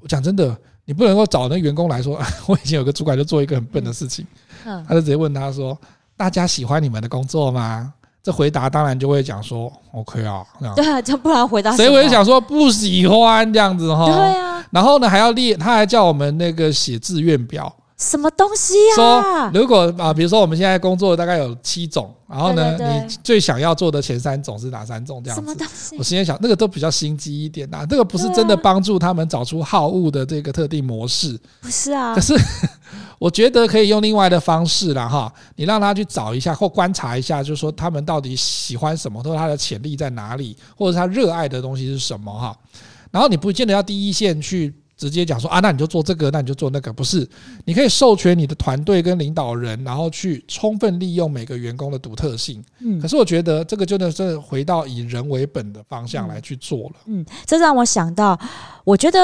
我講真的，你不能夠找那個員工來說，我以前有個主管就做一個很笨的事情，他就直接問他說：“大家喜歡你們的工作嗎？”這回答當然就會講說 “OK 啊”，對啊，不然回答誰會想說不喜歡這樣子哈？對啊。然後呢，還要列，他還叫我們那個寫志願表。什麼東西呀、啊？說、so, 如果啊，比如說我們現在工作大概有七種，然後呢，對對對，你最想要做的前三種是哪三種？這樣子。什麼東西我現在想，那個都比較心機一點吶、啊，那個不是真的幫助他們找出好物的這個特定模式。啊、是不是啊。可是我覺得可以用另外的方式啦。哈，你讓他去找一下或觀察一下，就是說他們到底喜歡什麼，或者他的潛力在哪裡，或者他熱愛的東西是什麼哈。然後你不見得要第一線去。直接講說啊，那你就做這個，那你就做那個，不是？你可以授權你的團隊跟領導人，然後去充分利用每個員工的獨特性。嗯，可是我覺得這個真的是回到以人為本的方向來去做了。嗯，嗯，這讓我想到，我覺得。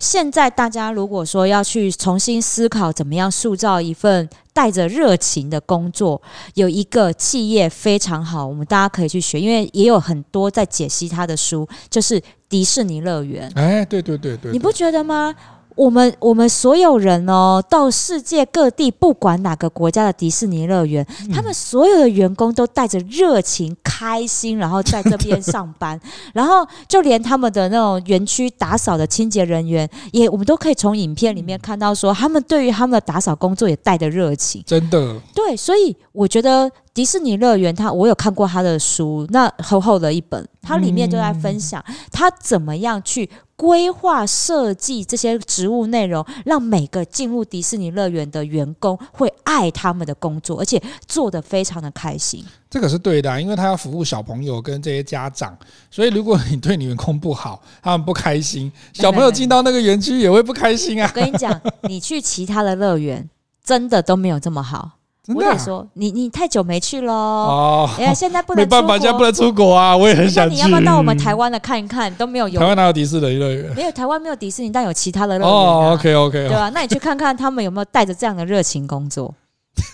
現在大家如果說要去重新思考怎麼樣塑造一份帶着熱情的工作，有一個企業非常好，我們大家可以去學，因為也有很多在解析他的書，就是迪士尼樂園。哎，對對對對，你不覺得嗎？我們我們所有人呢、哦，到世界各地，不管哪個國家的迪士尼樂園，嗯、他們所有的員工都帶着熱情、開心，然後在這邊上班。的然後就連他們的那種園區打掃的清潔人員，也我們都可以從影片裡面看到說，說、嗯、他們對於他們的打掃工作也帶着熱情。真的。對，所以我覺得迪士尼樂園他，他我有看過他的書，那厚厚的一本，他裡面就在分享他怎麼樣去。規劃設計這些職務內容，讓每個進入迪士尼樂園的員工會愛他們的工作，而且做得非常的開心。這可是對的啊，因為他要服務小朋友跟這些家長，所以如果你對你員工不好，他們不開心，小朋友進到那個園區也會不開心啊。我跟你講， [laughs] 你去其他的樂園，真的都沒有這麼好。我也說你，你太久沒去咯。哦，哎呀，現在不能，沒辦法，現在不能出國啊。我也很想。你要不要到我們台灣來看一看？都沒有遊。台灣哪有迪士尼樂園？沒有台灣，沒有迪士尼，但有其他的樂園。哦，OK OK，對啊，那你去看看他們有沒有帶着這樣的熱情工作？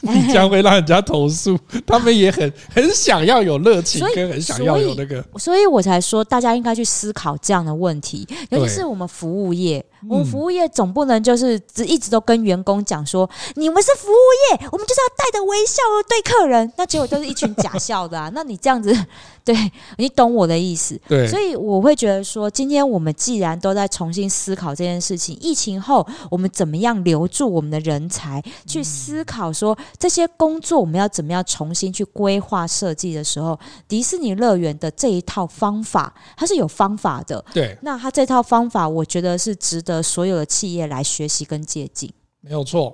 你將會讓人家投訴。他們也很很想要有熱情，跟很想要有那個。所以我才說，大家應該去思考這樣的問題，尤其是我們服務業。我們服務業總不能就是只一直都跟員工講說，你們是服務業，我們就是要帶着微笑對客人，那結果都是一群假笑的啊！那你這樣子，對你懂我的意思？對，所以我會覺得說，今天我們既然都在重新思考這件事情，疫情後我們怎麼樣留住我們的人才，去思考說這些工作我們要怎麼樣重新去規劃設計的時候，迪士尼樂園的這一套方法，它是有方法的。對，那它這套方法，我覺得是值得。所有的企業來學習跟借鑑，沒有錯。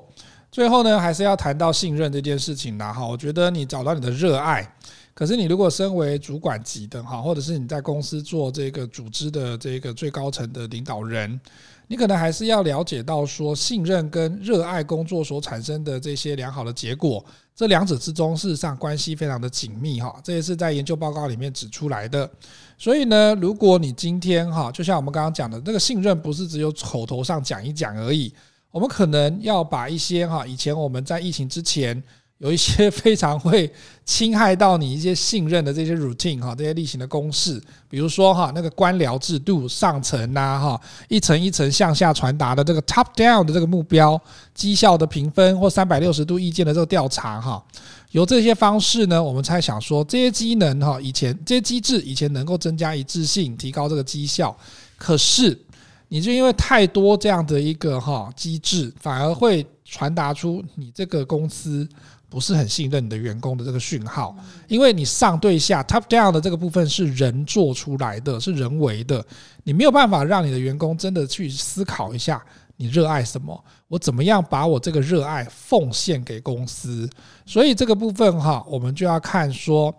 最後呢，還是要談到信任這件事情啦。哈，我覺得你找到你的熱愛，可是你如果身為主管級的哈，或者是你在公司做這個組織的這個最高層的領導人，你可能還是要了解到說，信任跟熱愛工作所產生的這些良好的結果，這兩者之中事實上關係非常的緊密哈。這也是在研究報告裡面指出來的。所以呢，如果你今天哈，就像我們剛剛講的，這、那個信任不是只有口頭上講一講而已，我們可能要把一些哈，以前我們在疫情之前有一些非常會侵害到你一些信任的這些 routine 哈，這些例行的公事，比如說哈，那個官僚制度、上層吶哈，一層一層向下傳達的這個 top down 的這個目標績效的評分或三百六十度意見的這個調查哈。由這些方式呢，我們猜想說，這些機能哈，以前這些機制以前能夠增加一致性，提高這個績效。可是，你就因為太多這樣的一個哈機制，反而會傳達出你這個公司不是很信任你的員工的這個訊號。因為你上對下 top down 的這個部分是人做出來的，是人為的，你沒有辦法讓你的員工真的去思考一下你熱愛什麼。我怎麼樣把我這個熱愛奉獻給公司？所以這個部分哈，我們就要看說，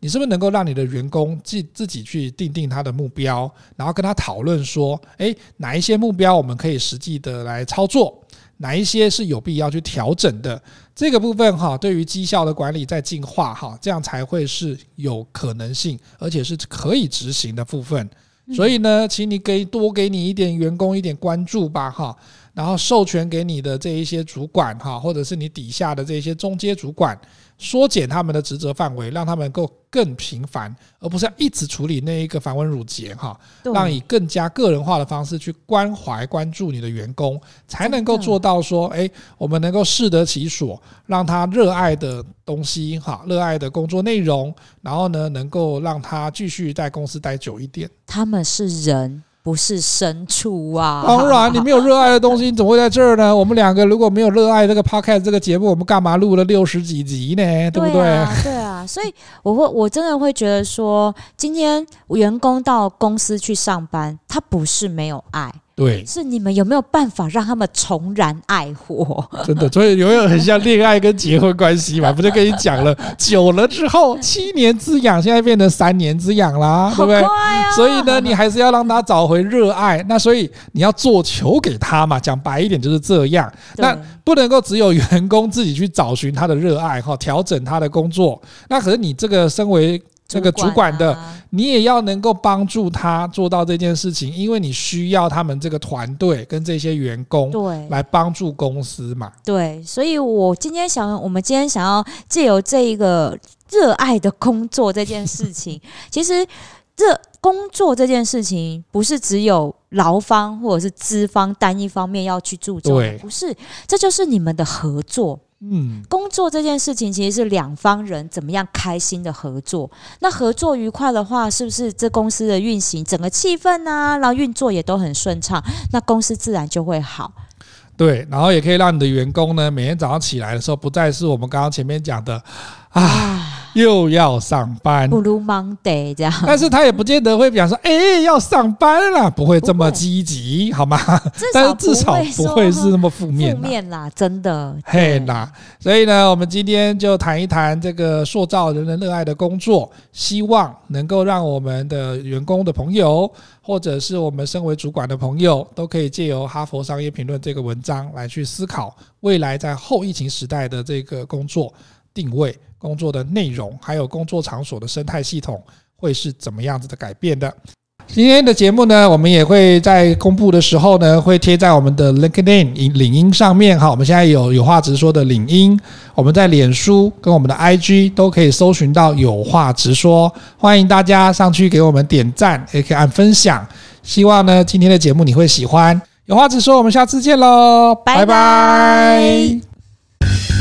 你是不是能夠讓你的員工自自己去訂定他的目標，然後跟他討論說，誒，哪一些目標我們可以實際的來操作，哪一些是有必要去調整的。這個部分哈，對於績效的管理在進化哈，這樣才會是有可能性，而且是可以執行的部分。所以呢，請你給多給你一點員工一點關注吧，哈。然後授權給你的這一些主管哈，或者是你底下的這些中階主管，縮減他們的職責範圍，讓他們能夠更平凡，而不是要一直處理那一個繁文縟節哈，對讓以更加個人化的方式去關懷、關注你的員工，才能夠做到說，哎的，我們能夠適得其所，讓他熱愛的東西哈，熱愛的工作內容，然後呢，能夠讓他繼續在公司待久一點。他們是人。不是牲畜啊！當然，你沒有熱愛的東西，你怎麼會在這兒呢？嗯、我們兩個如果沒有熱愛這個 podcast 這個節目，我們幹嘛錄了六十幾集呢？對，啊、對不對，對、啊？對啊，所以我會我真的會覺得說，今天員工到公司去上班，他不是沒有愛。對，是你們有沒有辦法讓他們重燃愛火？真的，所以有沒有很像戀愛跟結婚關係嘛？不就跟你講了，久了之後七年之癢，現在變成三年之癢啦，對不對？所以呢，你還是要讓他找回熱愛。那所以你要做球給他嘛？講白一點就是這樣。那不能夠只有員工自己去找尋他的熱愛哈，調整他的工作。那可是你這個身為。這、啊、個主管的，你也要能夠幫助他做到這件事情，因為你需要他們這個團隊跟這些員工來幫助公司嘛。對，所以我今天想，我們今天想要借由這一個熱愛的工作這件事情， [laughs] 其實這工作這件事情不是只有勞方或者是資方單一方面要去注重，對，不是，這就是你們的合作。嗯，工作這件事情其實是兩方人怎麼樣開心的合作。那合作愉快的話，是不是這公司的運行整個氣氛呢？啊，然後運作也都很順暢，那公司自然就會好。對，然後也可以讓你的員工呢，每天早上起來的時候，不再是我們剛剛前面講的，啊。又要上班，不如忙得這樣。但是他也不見得會講說，哎、欸，要上班了，不會這麼積極，會好嗎？但是至少不會是那麼負面。負面啦，真的。嘿啦，所以呢，我們今天就談一談這個塑造人人熱愛的工作，希望能夠讓我們的員工的朋友，或者是我們身為主管的朋友，都可以借由《哈佛商業評論》這個文章來去思考未來在後疫情時代的這個工作定位。工作的內容，還有工作場所的生態系統會是怎麼樣子的改變的？今天的節目呢，我們也會在公布的時候呢，會貼在我們的 LinkedIn 領英上面哈。我們現在有有話直說的領英，我們在臉書跟我們的 IG 都可以搜尋到有話職說，歡迎大家上去給我們點讚，也可以按分享。希望呢今天的節目你會喜歡。有話職說，我們下次見嘍，拜拜。拜拜。